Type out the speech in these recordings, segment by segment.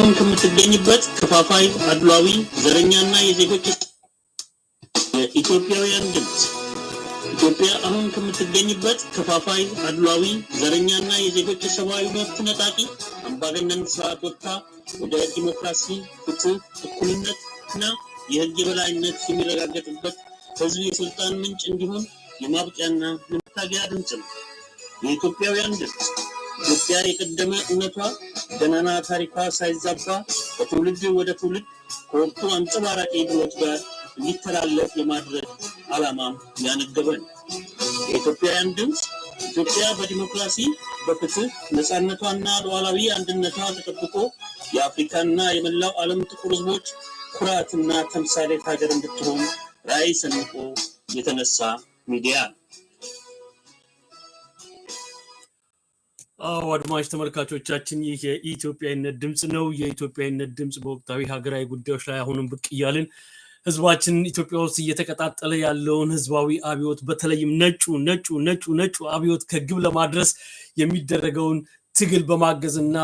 ዓለም ከምትገኝበት ከፋፋይ አድሏዊ ዘረኛና የዜጎች የኢትዮጵያውያን ድምፅ ኢትዮጵያ አሁን ከምትገኝበት ከፋፋይ አድሏዊ ዘረኛና የዜጎች የሰብአዊ መብት ነጣቂ አምባገነን ስርዓት ወጥታ ወደ ዲሞክራሲ፣ ፍትህ፣ እኩልነት እና የህግ የበላይነት የሚረጋገጥበት ህዝብ የስልጣን ምንጭ እንዲሆን የማብቂያና ለመታገያ ድምፅ ነው። የኢትዮጵያውያን ድምፅ ኢትዮጵያ የቀደመ እምነቷ ገናና ታሪኳ ሳይዛባ በትውልድ ወደ ትውልድ ከወቅቱ አንጸባራቂ ድሮች ጋር እንዲተላለፍ የማድረግ ዓላማም ያነገበ ነው። የኢትዮጵያውያን ድምፅ ኢትዮጵያ በዲሞክራሲ በፍትህ ነፃነቷና ሉዓላዊ አንድነቷ ተጠብቆ የአፍሪካና የመላው ዓለም ጥቁር ህዝቦች ኩራትና ተምሳሌት ሀገር እንድትሆን ራዕይ ሰንቆ የተነሳ ሚዲያ ነው። አዎ አድማጭ ተመልካቾቻችን ይህ የኢትዮጵያዊነት ድምፅ ነው። የኢትዮጵያዊነት ድምፅ በወቅታዊ ሀገራዊ ጉዳዮች ላይ አሁንም ብቅ እያልን ህዝባችን ኢትዮጵያ ውስጥ እየተቀጣጠለ ያለውን ህዝባዊ አብዮት በተለይም ነጩ ነጩ ነጩ ነጩ አብዮት ከግብ ለማድረስ የሚደረገውን ትግል በማገዝና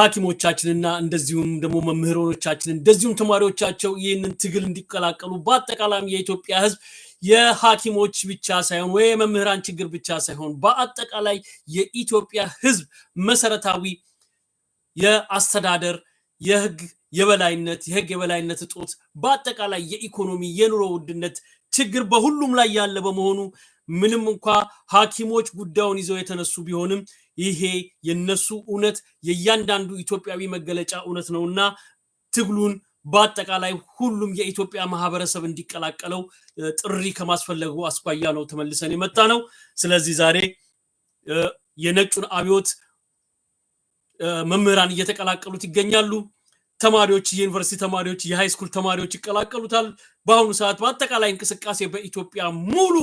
ሐኪሞቻችንና እንደዚሁም ደግሞ መምህሮቻችን እንደዚሁም ተማሪዎቻቸው ይህንን ትግል እንዲቀላቀሉ በአጠቃላይም የኢትዮጵያ ህዝብ የሐኪሞች ብቻ ሳይሆን ወይ የመምህራን ችግር ብቻ ሳይሆን በአጠቃላይ የኢትዮጵያ ሕዝብ መሰረታዊ የአስተዳደር የህግ የበላይነት የህግ የበላይነት እጦት በአጠቃላይ የኢኮኖሚ የኑሮ ውድነት ችግር በሁሉም ላይ ያለ በመሆኑ ምንም እንኳ ሐኪሞች ጉዳዩን ይዘው የተነሱ ቢሆንም ይሄ የነሱ እውነት የእያንዳንዱ ኢትዮጵያዊ መገለጫ እውነት ነውና ትግሉን በአጠቃላይ ሁሉም የኢትዮጵያ ማህበረሰብ እንዲቀላቀለው ጥሪ ከማስፈለጉ አስኳያ ነው ተመልሰን የመጣ ነው። ስለዚህ ዛሬ የነጩን አብዮት መምህራን እየተቀላቀሉት ይገኛሉ። ተማሪዎች፣ የዩኒቨርሲቲ ተማሪዎች፣ የሃይስኩል ተማሪዎች ይቀላቀሉታል። በአሁኑ ሰዓት በአጠቃላይ እንቅስቃሴ በኢትዮጵያ ሙሉ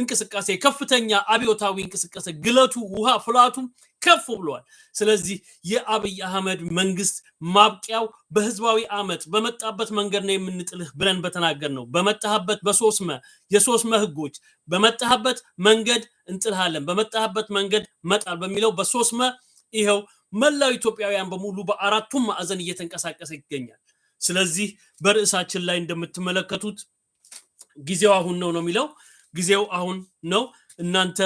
እንቅስቃሴ ከፍተኛ አብዮታዊ እንቅስቃሴ ግለቱ ውሃ ፍላቱም ከፍ ብሏል። ስለዚህ የአብይ አህመድ መንግስት ማብቂያው በህዝባዊ አመት በመጣበት መንገድ ነው የምንጥልህ ብለን በተናገር ነው በመጣህበት በሶስመ ህጎች በመጣህበት መንገድ እንጥልሃለን በመጣህበት መንገድ መጣል በሚለው በሶስመ ይኸው መላው ኢትዮጵያውያን በሙሉ በአራቱም ማዕዘን እየተንቀሳቀሰ ይገኛል። ስለዚህ በርዕሳችን ላይ እንደምትመለከቱት ጊዜው አሁን ነው ነው የሚለው ጊዜው አሁን ነው። እናንተ